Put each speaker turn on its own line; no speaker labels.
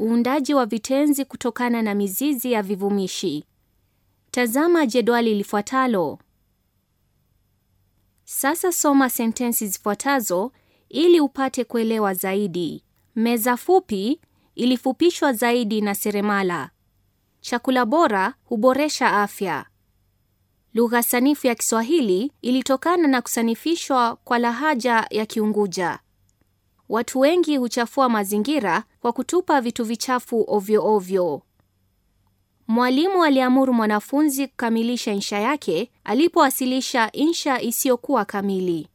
Uundaji wa vitenzi kutokana na mizizi ya vivumishi. Tazama jedwali lifuatalo. Sasa soma sentensi zifuatazo ili upate kuelewa zaidi. Meza fupi ilifupishwa zaidi na seremala. Chakula bora huboresha afya. Lugha sanifu ya Kiswahili ilitokana na kusanifishwa kwa lahaja ya Kiunguja. Watu wengi huchafua mazingira kwa kutupa vitu vichafu ovyo ovyo. Mwalimu aliamuru mwanafunzi kukamilisha insha yake alipowasilisha insha isiyokuwa kamili.